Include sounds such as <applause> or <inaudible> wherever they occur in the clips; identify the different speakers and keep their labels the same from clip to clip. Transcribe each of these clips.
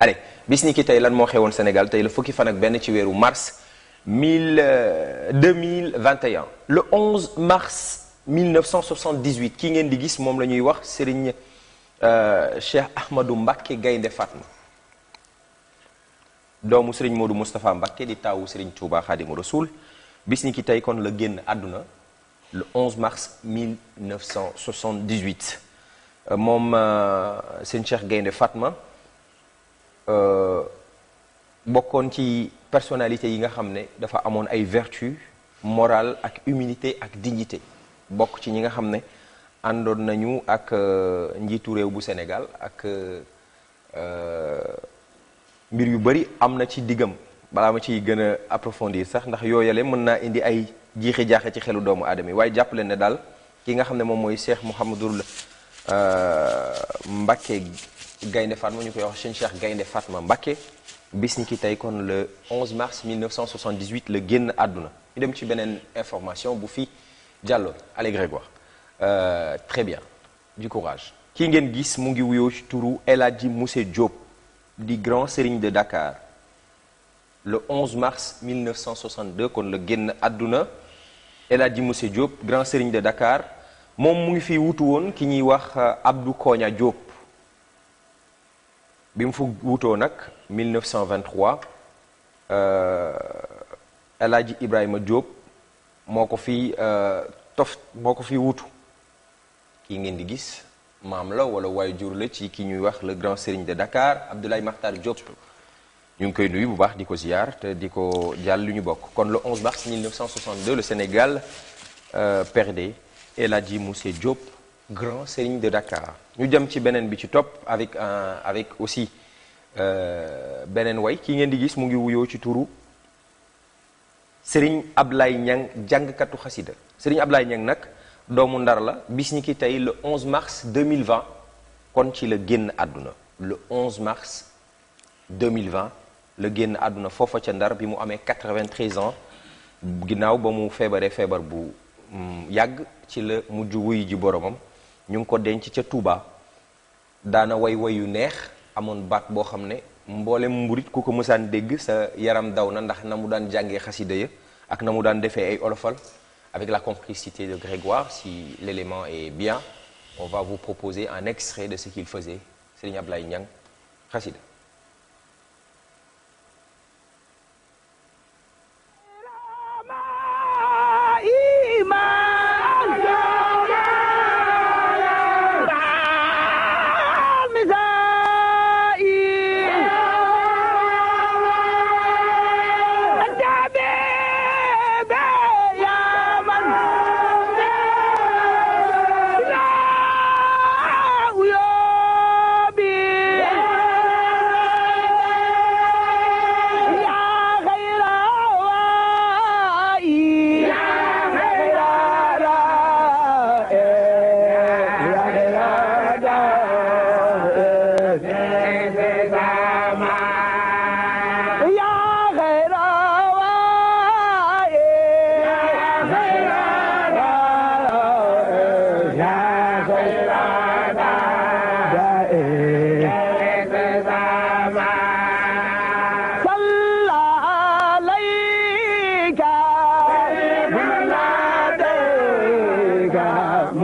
Speaker 1: allez bis ni tey lan moo xewoon Sénégal tey la fukki fan ak benn ci weeru mars mille euh, deux mille vingt et un le 11 mars 1978 ki ngeen di gis moom lañuy wax Serigne euh, Cheikh Ahmadou Mbacké Gaynde Fatma doomu Serigne Modou Moustapha Mbacké di taawu Serigne Touba Khadimou Rassoul bis ni tey kon la génn àdduna le 11 mars 1978 euh, moom Serigne Cheikh Gaynde Fatma. Euh, bokkoon ci personnalité yi nga xam ne dafa amoon ay vertu morale ak humilité ak dignité bokk ci ñi nga xam ne àndoon nañu ak euh, njiitu réew bu Sénégal ak euh, mbir yu bari am na ci diggam balaa ma ciy gën a approfondir sax ndax yooyale mën naa indi ay jiixi jaaxe ci xelu doomu aadama yi waaye jàpp leen daal ki nga xam ne moom mooy Cheikh Mouhamadul Mbacké Gaynde Fatma ñu koy wax Sëñ Cheikh Gaynde Fatma Mbacké bis ni ki tey kon le 11 mars 1978 la génn àdduna ñu dem ci beneen information bu fi Diallo Allez Grégoire euh, très bien du courage kii ngeen gis mu ngi wuyoo ci turu El Hadji Moussé Diop di grand serigne de Dakar le 11 mars 1962 kon la génn àdduna El Hadji Moussé Diop grand serigne de Dakar moom mu ngi fi wutu woon ki ñuy wax euh, Abdou Koña Diop bi mu fa wutoo nag 1923 euh, El Hadj Ibrahima Diop moo ko fi euh, tof moo ko fi wutu kii ngeen di gis maam la wala jur la ci ki ñuy wax le grand serigne de Dakar Abdoulaye Makhtar Diop. ñu ngi koy nuyu bu baax di ko ziar te di ko jàll lu ñu bokk kon le 11 mars 1962 le Sénégal euh, perdait El Hadj Moussé Diop grand serigne de Dakar. ñu jëm ci beneen bi ci topp avec euh, avec aussi euh, beneen way ki ngeen di gis mu ngi wuyoo ci turu Serigne Ablaye Niang jàngkatu xasida Serigne Ablaye Niang nag doomu ndar la bis ñi ki tey le 11 mars 2020 kon ci la génn àdduna le 11 mars 2020 la génn àdduna foofa ca ndar bi mu amee 93 ans ginnaaw ba mu feebaree feebar bu mm, yàgg ci la mujj wuy ji boromam ñu ngi ko denc ca Touba daana way way yu neex amoon baat boo xam ne mboolem mburit ku ko mësaan dégg sa yaram daw na ndax na mu daan jàngee xasida ya ak na mu daan defee ay olofal avec la complicité de Grégoire si l'élément est bien on va vous proposer un extrait de ce qu'il faisait Serigne Ablaye Niang xasida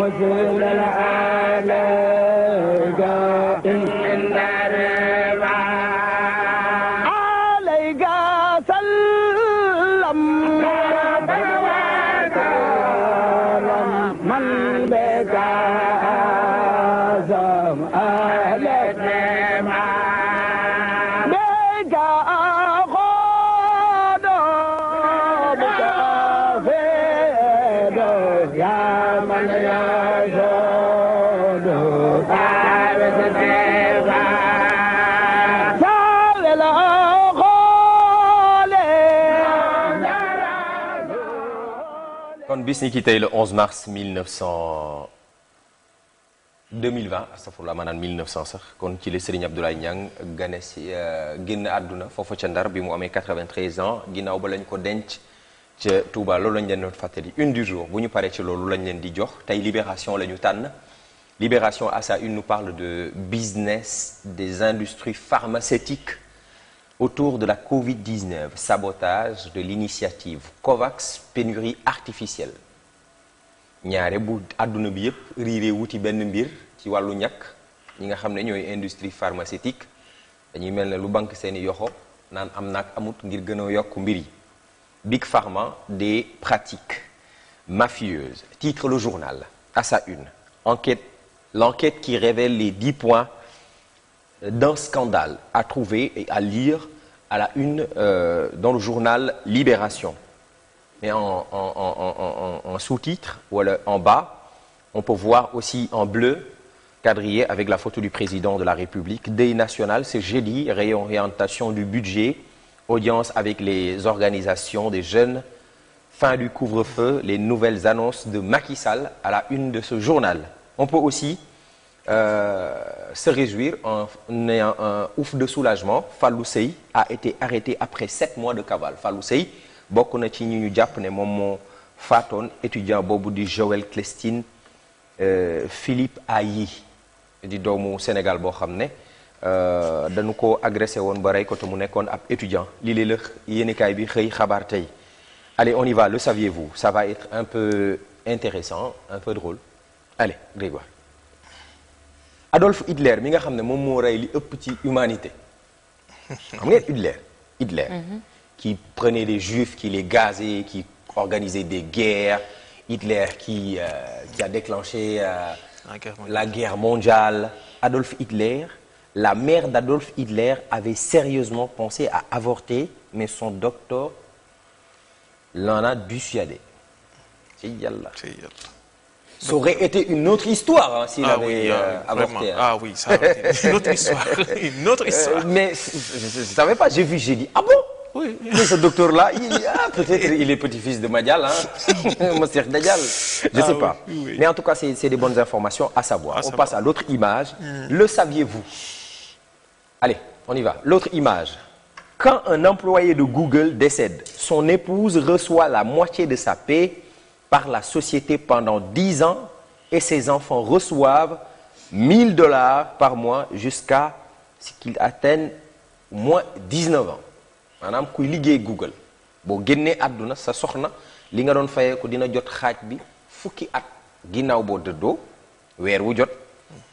Speaker 1: مسل عليك إن ربا عليك سلم من kon bis ni ki tey le 11 mars 1900 2020 astafurlah maanaam 1900 sax kon ci la Serigne Abdoulaye Niang gane si euh, génn àdduna foofa ca Ndar bi mu amee 93 ans ginnaaw ba lañ ko denc ca Touba loolu lañ leen doon fàttali une du jour bu ñu paree ci loolu lañ leen di jox tey Libération la ñu tànn Libération à sa une nous parle de business des industries pharmaceutiques autour de la Covid-19, sabotage de l'initiative COVAX pénurie artificielle ñaare bu adduna bi yëpp riiree wuti benn mbir ci wàllu ñàkk ñi nga xam ne ñooy industrie pharmaceutique dañuy mel ne lu banque seeni yoxo naan am naag amut ngir gën a yokk mbir yi Big Pharma des pratiques mafieuses titre le journal à une enquête l'enquête qui révèle les dix points d'un scandale à trouver et à lire la une euh, dans le journal Libération. en, en, en, en sous-titre ou en bas, on peut voir aussi en bleu, quadrillé avec la photo du président de la République, DEI national, c'est jeudi, réorientation du budget, audience avec les organisations des jeunes, fin du couvre-feu, les nouvelles annonces de Macky Sall à la une de ce journal. On peut aussi Euh, se réjouir en un ouf de soulagement Fallou Sey a été arrêté après sept mois de cavale Fallou Sey bokk na ci ñi ñu jàpp ne moom moo faatoon étudiant boobu di Joël Clestine euh, Philippe Ayi di doomu Sénégal boo xam ne euh, dañu ko agressé woon ba rey mu nekkoon ab étudiant lii lée la yéenekaay bi xëy xabaar tey allez on y va le saviez-vous ça va être un peu intéressant un peu drôle allez Adolf Hitler mi nga xam ne moom moo rey li ëpp ci humanité xam ngeen Hitler Hitler mhm. qui prenait des juifs qui les gazait qui organisait des guerres Hitler qui euh, qui a déclenché euh, la, guerre la guerre mondiale Adolf Hitler la mère d'Adolf Hitler avait sérieusement pensé à avorter mais son docteur l'en a dissuadé ci yàlla Ça aurait été une autre histoire s'il ah avait ah euh, avorté. Ah une autre histoire. <laughs> <laughs> une autre euh, histoire. mais je savais pas, j'ai dit, ah bon Mais ce docteur-là, peut-être il est petit-fils de Madial, <laughs> Monsieur Dadial, je sais pas. Mais en tout cas, c'est des bonnes informations à savoir. On passe à l'autre image. Mmh. Le saviez-vous Quand un employé de Google décède, son épouse reçoit la moitié de sa paie par la société pendant dix ans et ses enfants reçoivent 1000 dollars par mois jusqu'à ce qu'ils atteignent moins 19 ans maanaam kuy liggéey Google boo génnee àdduna sa soxna li nga doon fayee ko dina jot xaaj bi fukki at ginnaaw boo dëddoo weer wu jot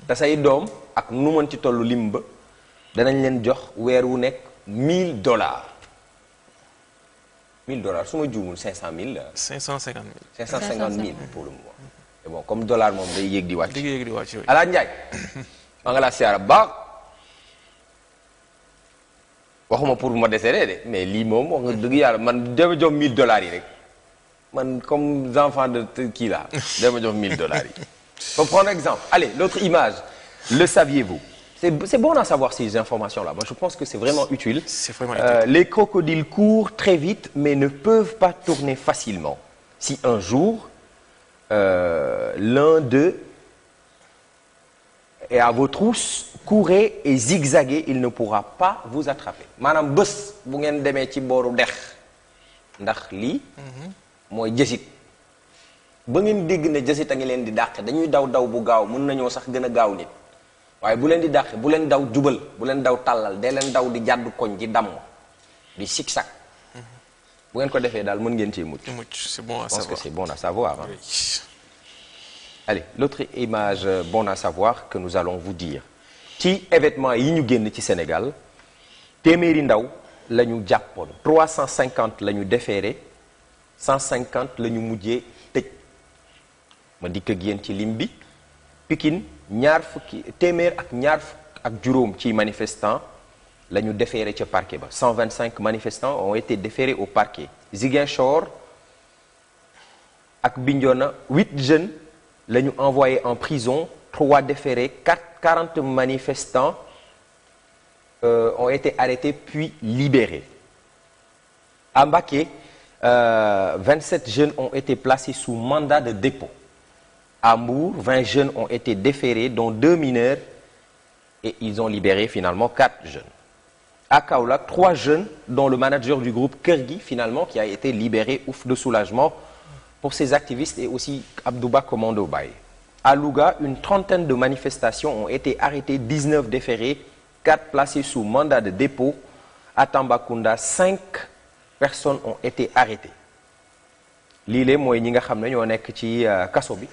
Speaker 1: dasay doom ak nu mën ci tollu lim ba danañ leen jox weer wu nekk 1000 dollars 1000 dollars su ma juumul 500000 la. 550 000. 550 000 pour le moment. te bon comme dollar moom day yéeg di wàcc. day yéeg di wàcc yooyu. Alaaji Ndiaye. maa ngi laa siyaara baax. pour ma desere de mais lii moom wax nga dëgg yàlla man dama jox 1000 dollars yi rek man comme enfant de kii laa dama jox 1000 yi. <laughs> pour prendre exemple allez l'autre image le saviez-vous. c'est bon à savoir ces informations-là. Moi, je pense que c'est vraiment euh, utile. les crocodiles courent très vite, mais ne peuvent pas tourner facilement. Si un jour, euh, l'un d'eux est à vos trousses, courez et zigzaguez, il ne pourra pas vous attraper. maanaam bës bu ngeen demee ci booru dex ndax lii. Mhm. mooy jësit. ba ngeen dégg ne jësit a ngi leen di dàq dañuy daw daw bu gaaw mën nañoo sax gën a gaaw nit. waaye bu leen di dàqe bu leen daw jubal bu leen daw tàllal dee leen daw di jàddu koñ di damm di siksak bu ngeen ko defee daal mën ngeen ci mucc mucc c'est bon à savoir je pense que c'est bon à savoir hein? Oui. allez euh, ci événement yi ñu génn ci Sénégal téeméeri ndaw la ñu jàppoon 350 la lañu déféré 150 la ñu mujjee tëj ma dikk ak yéen ci lim bi Pikine ñaar téeméer ak ñaar ak juróom ci manifestants la ñu déféré ca parquet ba 125 manifestants ont été déférés au parquet Ziguinchor ak Bignona 8 jeunes la ñu envoyé en prison 3 déférés 4 40 manifestants euh, ont été arrêtés puis libérés à Mbacké euh, 27 jeunes ont été placés sous mandat de dépôt à Mbour, 20 jeunes ont été déférés, dont deux mineurs, et ils ont libéré finalement quatre jeunes. À Kaolack, trois jeunes, dont le manager du groupe Kergui, finalement, qui a été libéré, ouf de soulagement pour ses activistes et aussi Abdouba Commando Baye. À Louga, une trentaine de manifestations ont été arrêtées, 19 déférés, 4 placés sous mandat de dépôt. À Tambacounda, 5 personnes ont été arrêtées. lii lée mooy ñi nga xam ne ñoo nekk ci euh, kaso bi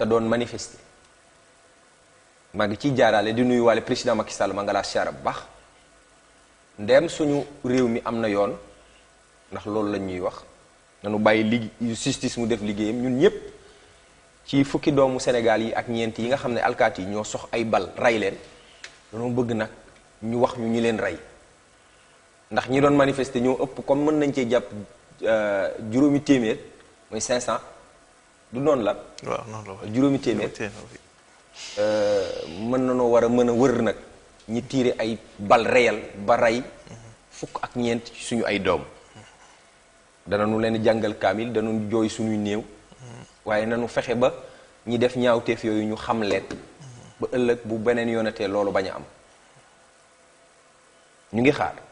Speaker 1: te doon manifester maa ngi ciy jaaraale di nuyuwaale président Macky Sall ma nga laa siyaara bu baax ndeem suñu réew mi am na yoon ndax loolu lañ ñuy wax nanu bàyyi li justice mu def liggéeyam ñun ñëpp ci fukki doomu Sénégal yi ak ñeent yi nga xam ne alkaati yi ñoo sox ay bal rey leen danoo bëgg nag ñu wax ñu ñi leen rey ndax ñi doon manifester ñoo ëpp comme mën nañ cee jàpp euh, juróomi téeméer mooy 500. du noonu la. waaw juróomi téeméer. Euh, mën nañoo war a mën a wër nag ñi tiire ay bal réel ba rey fukk ak ñeent ci suñu ay doom danañu leen jàngal kaamil danañu jooy suñuy néew waaye nanu fexe ba ñi def ñaawteef yooyu ñu xam leen ba ëllëg bu beneen yoonatee loolu bañ a am ñu ngi xaar.